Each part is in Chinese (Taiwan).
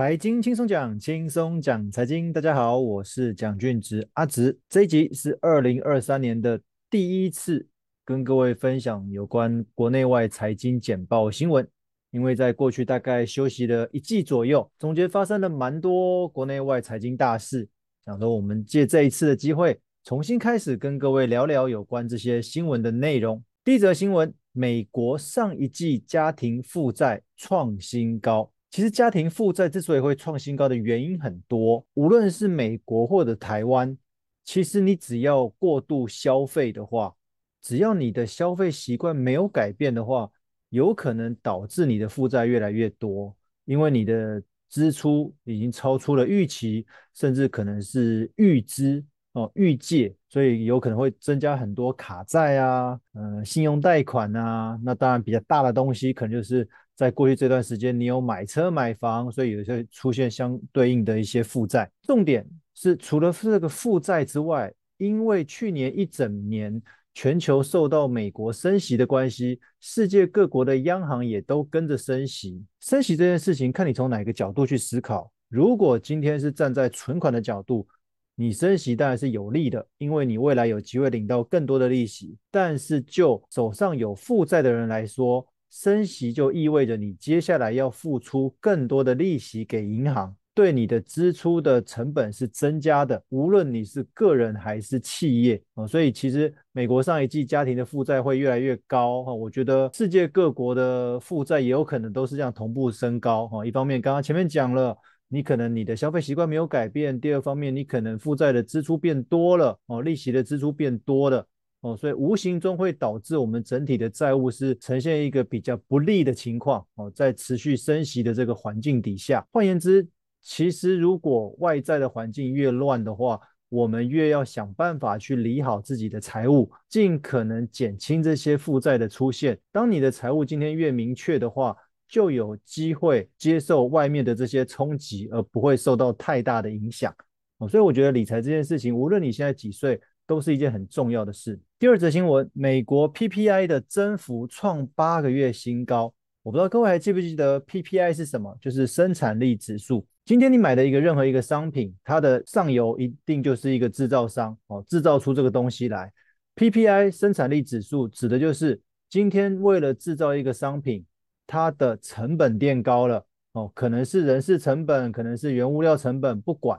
財經輕鬆講，輕鬆講財經。大家好，我是蔣俊植阿植。這一集是二零二三年的第一次跟各位分享有關國內外財經簡報新聞。因為在過去大概休息了一季左右，總結發生了蠻多、哦、國內外財經大事，想說我們借這一次的機會，重新開始跟各位聊聊有關這些新聞的內容。第一則新聞：美國上一季家庭負債創新高。其實家庭負債之所以會創新高的原因很多，無論是美國或者台灣，其實你只要過度消費的話，只要你的消費習慣沒有改變的話，有可能導致你的負債越來越多，因為你的支出已經超出了預期，甚至可能是預支哦預借，所以有可能會增加很多卡債啊、呃，信用貸款啊，那當然比較大的東西可能就是。在過去這段時間，你有買車買房，所以有些出現相對應的一些負債。重點是，除了這個負債之外，因為去年一整年全球受到美國升息的關係，世界各國的央行也都跟着升息。升息這件事情，看你從哪個角度去思考。如果今天是站在存款的角度，你升息當然是有利的，因為你未來有機會領到更多的利息。但是就手上有負債的人來說，升息就意味着你接下來要付出更多的利息給銀行，對你的支出的成本是增加的。無論你是個人還是企業啊、哦，所以其實美國上一季家庭的負債會越來越高哈、哦。我覺得世界各國的負債也有可能都是這樣同步升高哈、哦。一方面剛剛前面講了，你可能你的消費習慣沒有改變；第二方面，你可能負債的支出變多了哦，利息的支出變多了。哦，所以無形中會導致我們整體的債務是呈現一個比較不利的情況。哦，在持續升息的這個環境底下，換言之，其實如果外在的環境越亂的話，我們越要想辦法去理好自己的財務，儘可能減輕這些負債的出現。當你的財務今天越明確的話，就有機會接受外面的這些衝擊，而不會受到太大的影響。哦，所以我覺得理財這件事情，無論你現在幾歲。都是一件很重要的事。第二則新聞，美國 PPI 的增幅創八個月新高。我不知道各位還記不記得 PPI 是什麼？就是生產力指數。今天你買的一個任何一個商品，它的上游一定就是一個制造商哦，製造出這個東西來。PPI 生產力指數指的就是今天為了製造一個商品，它的成本墊高了哦，可能是人事成本，可能是原物料成本，不管。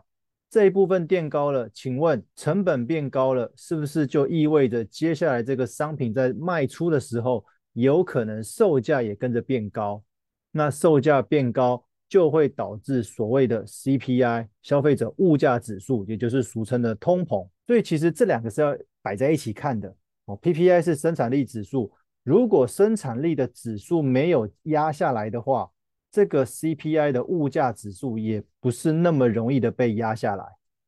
這一部分墊高了，請問成本變高了，是不是就意味着接下來這個商品在賣出的時候，有可能售價也跟着變高？那售價變高就會導致所謂的 CPI，消費者物價指數，也就是俗稱的通膨。所以其實這兩個是要擺在一起看的。哦，PPI 是生產力指數，如果生產力的指數沒有壓下來的話。這個 CPI 的物價指數也不是那麼容易的被壓下來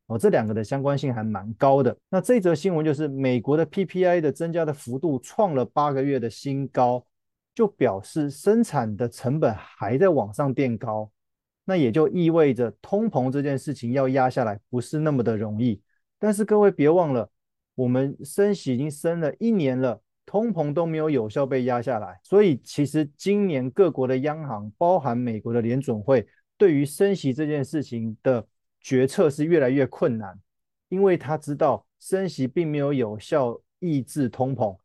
哦，這兩個的相關性還蠻高的。那這則新聞就是美國的 PPI 的增加的幅度創了八個月的新高，就表示生產的成本還在往上變高，那也就意味着通膨這件事情要壓下來不是那麼的容易。但是各位別忘了，我們升息已經升了一年了。通膨都沒有有效被壓下來，所以其實今年各國的央行，包含美國的聯準會，對於升息這件事情的決策是越來越困難，因為他知道升息並沒有有效抑制通膨，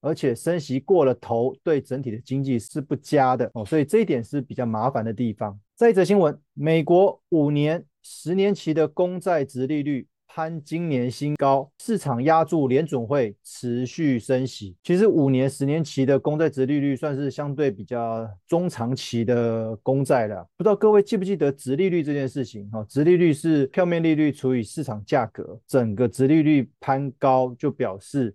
而且升息過了頭對整體的經濟是不佳的哦，所以這一點是比較麻煩的地方。再一則新聞，美國五年、十年期的公債殖利率，攀今年新高，市場押注，聯準會持續升息。其實五年、十年期的公債殖利率算是相對比較中長期的公債了。不知道各位記不記得殖利率這件事情？哈、哦，殖利率是票面利率除以市場價格，整個殖利率攀高就表示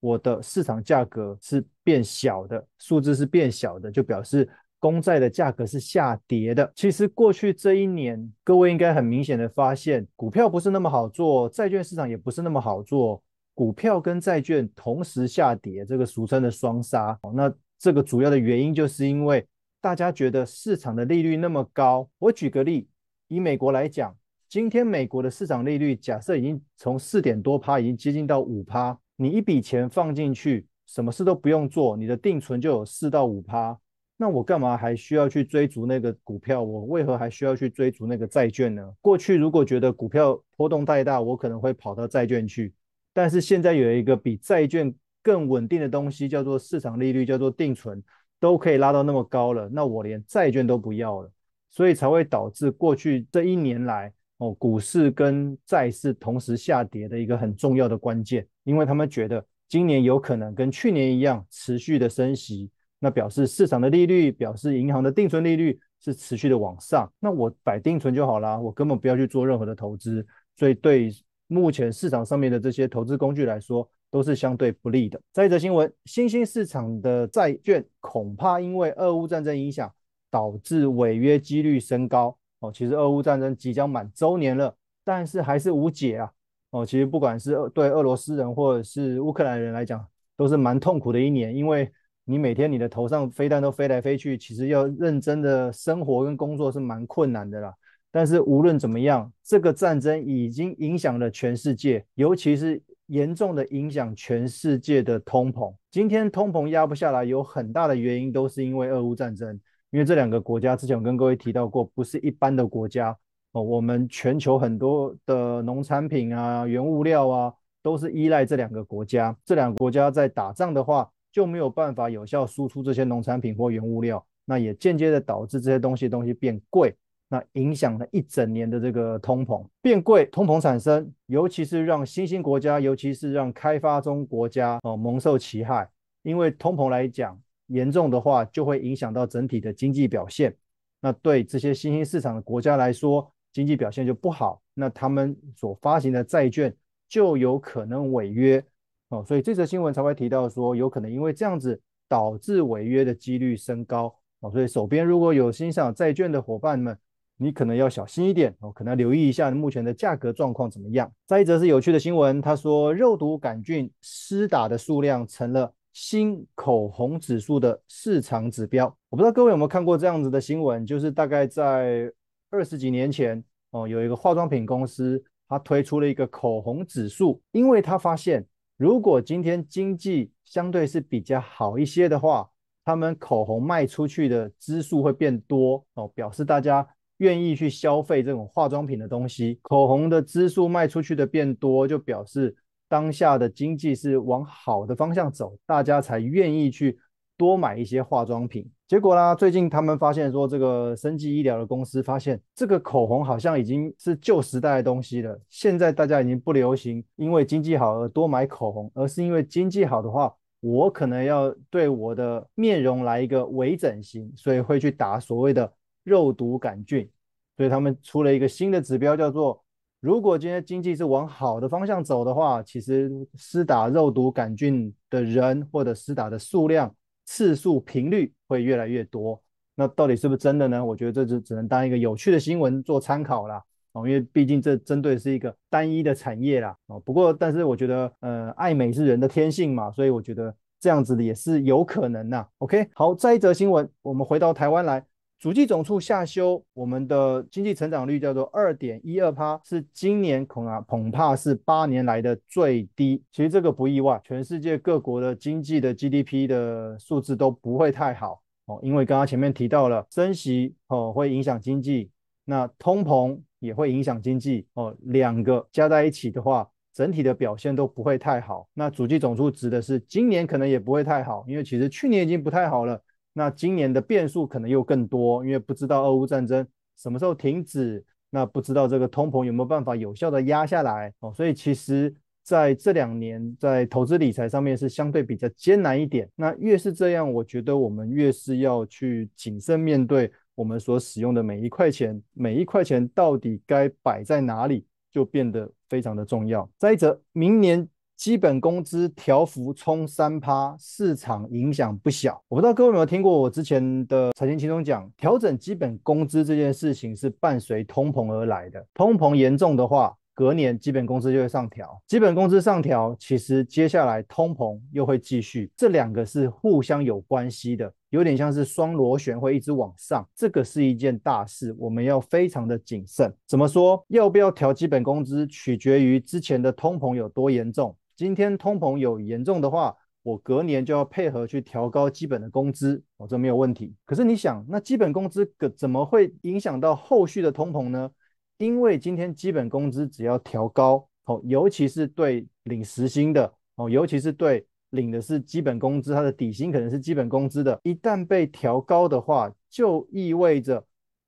我的市場價格是變小的，數字是變小的，就表示。公債的價格是下跌的。其實過去這一年，各位應該很明顯的發現，股票不是那麼好做，債券市場也不是那麼好做。股票跟債券同時下跌，這個俗稱的“雙殺”。那這個主要的原因，就是因為大家覺得市場的利率那麼高。我舉個例，以美國來講，今天美國的市場利率假設已經從四點多趴，已經接近到五趴。你一筆錢放進去，什麼事都不用做，你的定存就有四到五趴。那我幹嘛還需要去追逐那個股票？我為何還需要去追逐那個債券呢？過去如果覺得股票波動太大，我可能會跑到債券去。但是現在有一個比債券更穩定的東西，叫做市場利率，叫做定存，都可以拉到那麼高了。那我連債券都不要了，所以才會導致過去這一年來，哦，股市跟債市同時下跌的一個很重要的關鍵，因為他們覺得今年有可能跟去年一樣持續的升息。那表示市場的利率，表示銀行的定存利率是持續的往上。那我擺定存就好啦，我根本不要去做任何的投資。所以，對目前市場上面的這些投資工具來說，都是相對不利的。再一則新聞：新興市場的債券恐怕因為俄烏戰爭影響，導致違約幾率升高。哦，其實俄烏戰爭即將滿周年了，但是還是無解啊。哦，其實不管是對俄羅斯人或者是烏克蘭人來講，都是蠻痛苦的一年，因為。你每天你的頭上飛彈都飛來飛去，其實要認真的生活跟工作是蠻困難的啦。但是無論怎麼樣，這個戰爭已經影響了全世界，尤其是嚴重的影響全世界的通膨。今天通膨壓不下來，有很大的原因都是因為俄烏戰爭。因為這兩個國家之前我跟各位提到過，不是一般的國家哦。我們全球很多的農產品啊、原物料啊，都是依賴這兩個國家。這兩個國家在打仗的話，就沒有辦法有效輸出這些農產品或原物料，那也間接地導致這些東西東西變貴，那影響了一整年的這個通膨。變貴，通膨產生，尤其是讓新興國家，尤其是讓開發中國家哦、呃、蒙受其害，因為通膨來講嚴重的話，就會影響到整體的經濟表現，那對這些新興市場的國家來說，經濟表現就不好，那他們所發行的債券就有可能違約。哦，所以這則新聞才會提到說，有可能因為這樣子導致違約的幾率升高。哦，所以手邊如果有欣賞債券的夥伴們，你可能要小心一點哦，可能要留意一下目前的價格狀況怎麼樣。再一則是有趣的新聞，他說肉毒桿菌施打的數量成了新口紅指數的市場指標。我不知道各位有沒有看過這樣子的新聞，就是大概在二十幾年前，哦，有一個化妝品公司，它推出了一個口紅指數，因為它發現。如果今天經濟相對是比較好一些的話，他們口紅賣出去的支數會變多哦，表示大家願意去消費這種化妝品的東西。口紅的支數賣出去的變多，就表示當下的經濟是往好的方向走，大家才願意去多買一些化妝品。結果啦，最近他們發現說，這個生技醫療的公司發現，這個口紅好像已經是舊時代的東西了。現在大家已經不流行，因為經濟好而多買口紅，而是因為經濟好的話，我可能要對我的面容來一個微整形，所以會去打所謂的肉毒桿菌。所以他們出了一個新的指標，叫做如果今天經濟是往好的方向走的話，其實施打肉毒桿菌的人或者施打的數量，次數頻率會越來越多，那到底是不是真的呢？我覺得這只只能當一個有趣的新聞做參考啦。哦，因為畢竟這針對的是一個單一的產業啦。哦，不過，但是我覺得，呃，愛美是人的天性嘛，所以我覺得這樣子的也是有可能的啊。OK，好，再一則新聞，我們回到台灣來。主計總處下修我們的經濟成長率，叫做二點一二趴，是今年恐啊恐怕是八年來的最低。其實這個不意外，全世界各國的經濟的 GDP 的數字都不會太好哦，因為剛剛前面提到了升息哦會影響經濟，那通膨也會影響經濟哦，兩個加在一起的話，整體的表現都不會太好。那主計總處指的是今年可能也不會太好，因為其實去年已經不太好了。那今年的變數可能又更多，因為不知道俄烏戰爭什麼時候停止，那不知道這個通膨有沒有辦法有效地壓下來哦，所以其實在這兩年在投資理財上面是相對比較艱難一點。那越是這樣，我覺得我們越是要去謹慎面對我們所使用的每一塊錢，每一塊錢到底該擺在哪裡，就變得非常的重要。再者，明年。基本工資調幅衝三趴，市場影響不小。我不知道各位有沒有聽過我之前的財經節目中講，調整基本工資這件事情是伴隨通膨而來的。通膨嚴重的話，隔年基本工資就會上調。基本工資上調，其實接下來通膨又會繼續，這兩個是互相有關係的，有點像是雙螺旋會一直往上。這個是一件大事，我們要非常的謹慎。怎麼說？要不要調基本工資，取決於之前的通膨有多嚴重。今天通膨有嚴重的話，我隔年就要配合去調高基本的工資，哦，這沒有問題。可是你想，那基本工資怎麼會影響到後續的通膨呢？因爲今天基本工資只要調高，哦，尤其是對領時薪的，哦，尤其是對領的是基本工資，它的底薪可能是基本工資的，一旦被調高的話，就意味着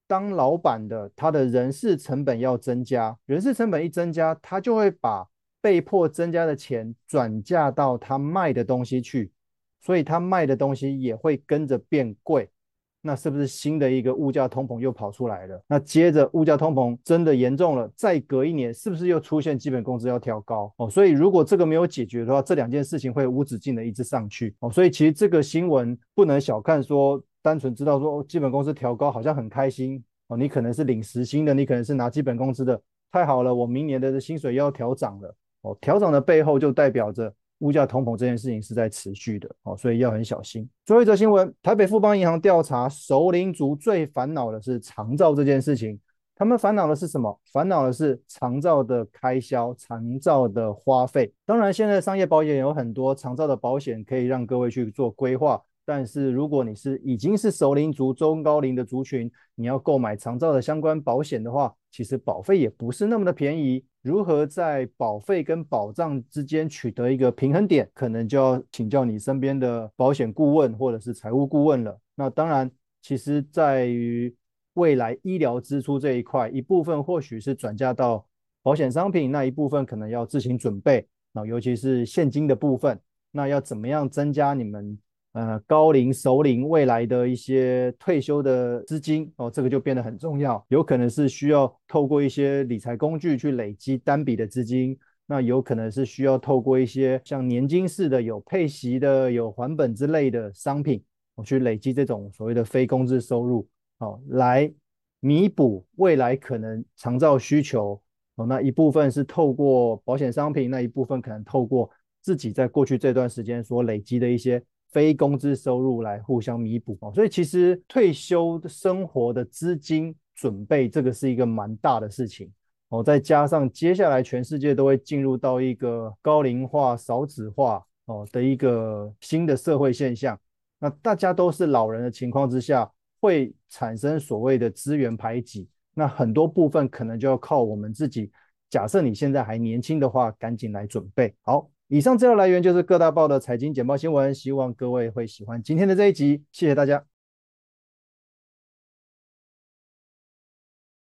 當老闆的，他的人事成本要增加，人事成本一增加，他就會把。被迫增加的錢轉嫁到他賣的東西去，所以他賣的東西也會跟着變貴，那是不是新的一個物價通膨又跑出來了？那接着物價通膨真的嚴重了，再隔一年是不是又出現基本工資要調高？哦，所以如果這個沒有解決的話，這兩件事情會無止境的一直上去哦。所以其實這個新聞不能小看說，說單純知道說基本工資調高好像很開心哦，你可能是領時薪的，你可能是拿基本工資的，太好了，我明年的薪水要調漲了。哦，調漲的背後就代表着物價通膨這件事情是在持續的，哦，所以要很小心。最後一則新聞，台北富邦銀行調查，熟齡族最煩惱的是長照這件事情，他們煩惱的是什麼？煩惱的是長照的開銷、長照的花費。當然，現在商業保險有很多長照的保險可以讓各位去做規劃，但是如果你是已經是熟齡族、中高齡的族群，你要購買長照的相關保險的話，其實保費也不是那麼的便宜。如何在保費跟保障之間取得一個平衡點，可能就要請教你身邊的保險顧問或者是財務顧問了。那當然，其實在於未來醫療支出這一塊，一部分或許是轉嫁到保險商品，那一部分可能要自行準備。那尤其是現金的部分，那要怎麼樣增加你們？呃，高齡、熟齡未來的一些退休的資金哦，這個就變得很重要。有可能是需要透過一些理財工具去累積單筆的資金，那有可能是需要透過一些像年金式的、有配息的、有還本之類的商品，哦，我去累積這種所謂的非工資收入，哦，來彌補未來可能長照需求哦。那一部分是透過保險商品，那一部分可能透過自己在過去這段時間所累積的一些。非工資收入來互相彌補哦，所以其實退休生活的資金準備，這個是一個蠻大的事情哦，再加上接下來全世界都會進入到一個高齡化、少子化哦的一個新的社會現象，那大家都是老人的情況之下，會產生所謂的資源排擠，那很多部分可能就要靠我們自己。假設你現在還年輕的話，趕緊來準備好。以上資料來源就是各大報的財經簡報新聞，希望各位會喜歡今天的這一集，謝謝大家。